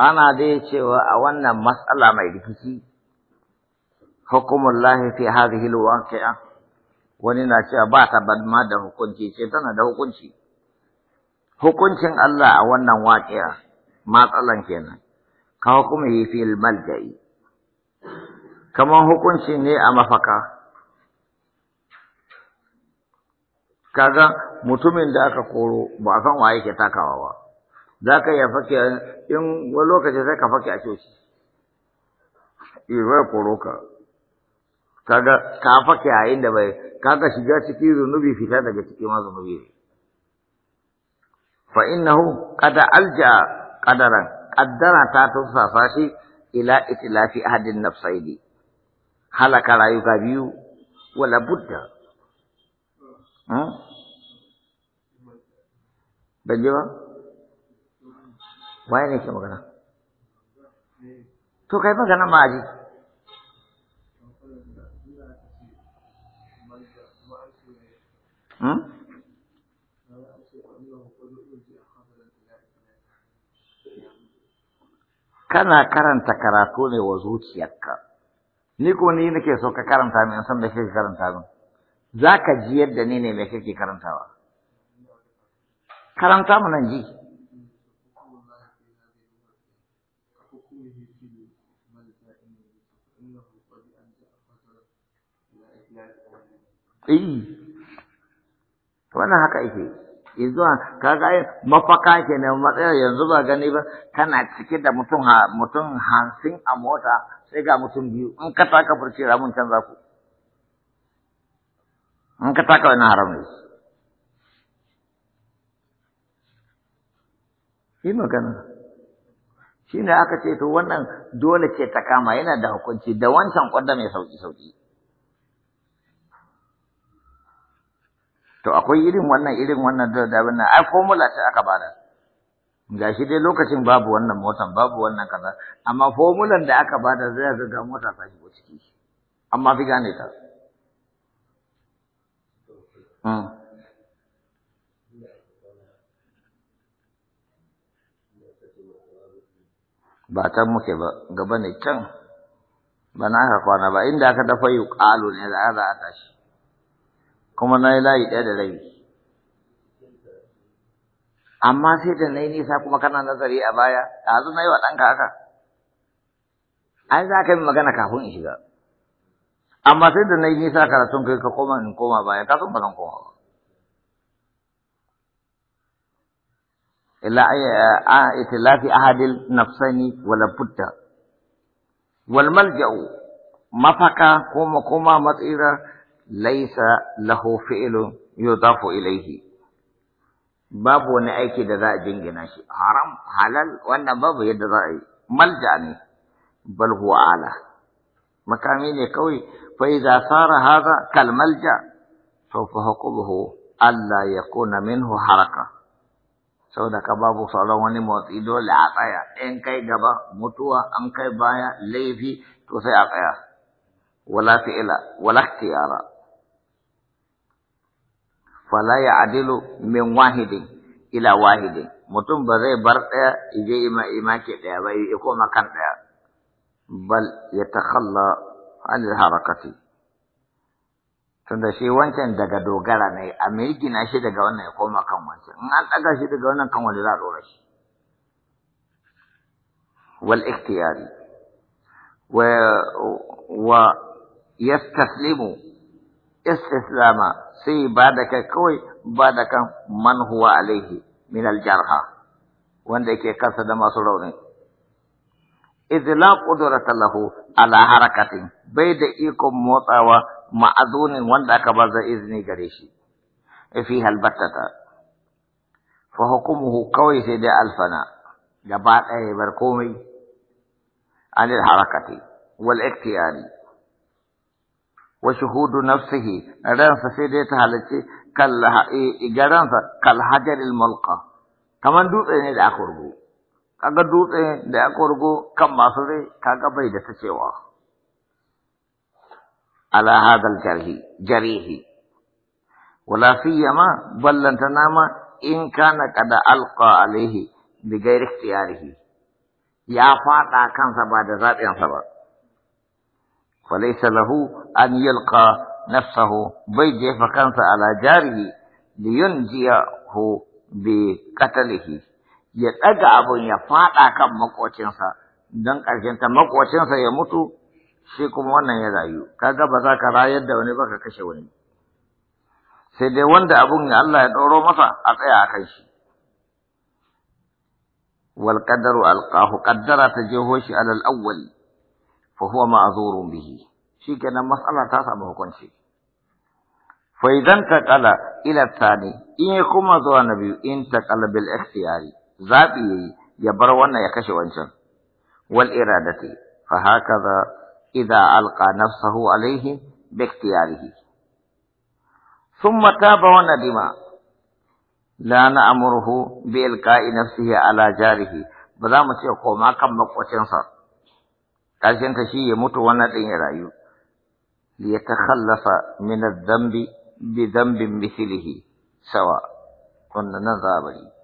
ana dai cewa a wannan matsala mai rikici hukumullahi fi hadhihi alwaqi'a wani na cewa ba ta ma da hukunci ce tana da hukunci hukuncin Allah a wannan waƙiya matsalan kenan ka yi fi almalja'i Kamar hukunci ne a mafaka kaga mutumin da aka koro ba a san waye ke takawa ba za ka iya fake in wani lokaci sai ka fake a coci iwai koro ka kaga ka fake a inda bai kaga shiga ciki zunubi fita daga ciki ma zunubi fa innahu qada alja qadaran qaddara ta tusa shi ila itlafi ahadin nafsaidi halaka rayuka biyu wala budda hmm? ban waye ne ke magana to kai magana ma aji hmm? kana karanta karatu ne wa zuciyarka ni ko ni nake so ka karanta min san da ke karanta min ka ji yadda ni ne me kake karantawa karanta mu nan ji Eh, wannan haka yake. Yanzu kaga mafaka ne matsayar yanzu ba gani ba kana cike da mutum mutum hansin a mota sai ga mutum biyu in ka taka furci ramun canza ku. In ka taka wani haram ne. Shi magana. shi ne aka ce to wannan dole ce ta kama yana da hukunci da wancan kwadda mai sauƙi-sauƙi. To akwai irin wannan irin wannan da abin nan ai formula ce aka bada. Ga shi dai lokacin babu wannan motan babu wannan kaza amma formulan da aka bada zai ga ga mota ta shigo ciki amma fi gane ta. Hmm. ba ta muke ba gaba ne can ba na aka kwana ba inda aka dafa yi ƙalo ne da za a tashi kuma na yi layi ɗaya da rabi amma sai da na yi nisa kuma kana nazari a baya zu na yi wa ɗanka haka ai za ka yi magana kafin in shiga amma sai da na yi nisa karatun kai ka koma in koma baya ka san ba zan koma ba الى ائتلاف آه، آه، احد النفسين ولا بد والملجا مفكا كوما كوما مطيرا ليس له فعل يضاف اليه باب وانا ايكي دا حرام حلال وانا باب يد ملجا بل هو اعلى مكامين قوي فاذا صار هذا كالملجا سوف حكمه الا يكون منه حركه sau da ka babu sauran wani motsi dole a tsaya in kai gaba mutuwa an kai baya laifi to sai a tsaya wala fi'ila wala ikhtiyara fala ya'dilu min wahidin ila wahidin mutum ba zai bar ɗaya ije ima ima ke ɗaya ba ya koma kan ɗaya bal ya takhalla anil harakati tunda shi wancan daga dogara ne a mai gina shi daga wannan ya koma kan wancan in an ɗaga shi daga wannan kan wani za a dora shi wal ikhtiyari wa wa yastaslimu istislama sai ba da kai kawai ba da kan man huwa alaihi min al jarha wanda yake kansa da masu rauni إذ لا قدرة له على حركة بيد إيكم موطاوة ma'azunin wanda aka ba za izini gare shi fi halbattata fa hukumuhu kawai sai dai alfana gaba ɗaya bar komai anil harakati wal iktiyari wa shuhudu nafsihi ransa sai dai ta halarci garansa kal hajaril mulqa kamar dutse ne da aka rugo kaga dutse da aka rugo kan masu rai kaga bai da ta cewa على هذا الجرح جريح ولا سيما بل تنام ان كان قد القى عليه بغير اختياره يا فاتا كان سبا ذات سبا فليس له ان يلقى نفسه بيجي فكانت على جاره لينجيه بقتله ya ɗaga abun ya faɗa kan makocinsa don ƙarshen ta makocinsa ya mutu shi kuma wannan ya rayu kaga ba za ka rayar da wani ba ka kashe wani sai dai wanda abun ya Allah ya ɗauro masa a tsaya a kan shi wal qadaru alqahu qaddara ta jeho shi alal awwal fa huwa ma'zurun bihi shikenan mas'ala ta samu hukunci fa idan kala ila tsani in kuma zo na biyu in kala bil ikhtiyari zabi ya bar wannan ya kashe wancan wal iradati fa hakaza إذا ألقى نفسه عليه باختياره ثم تاب وندم لا نأمره بإلقاء نفسه على جاره بذا مشي قوما كم صار قاشن تشي يموت دين رايو ليتخلص من الذنب بذنب مثله سواء كنا نذابري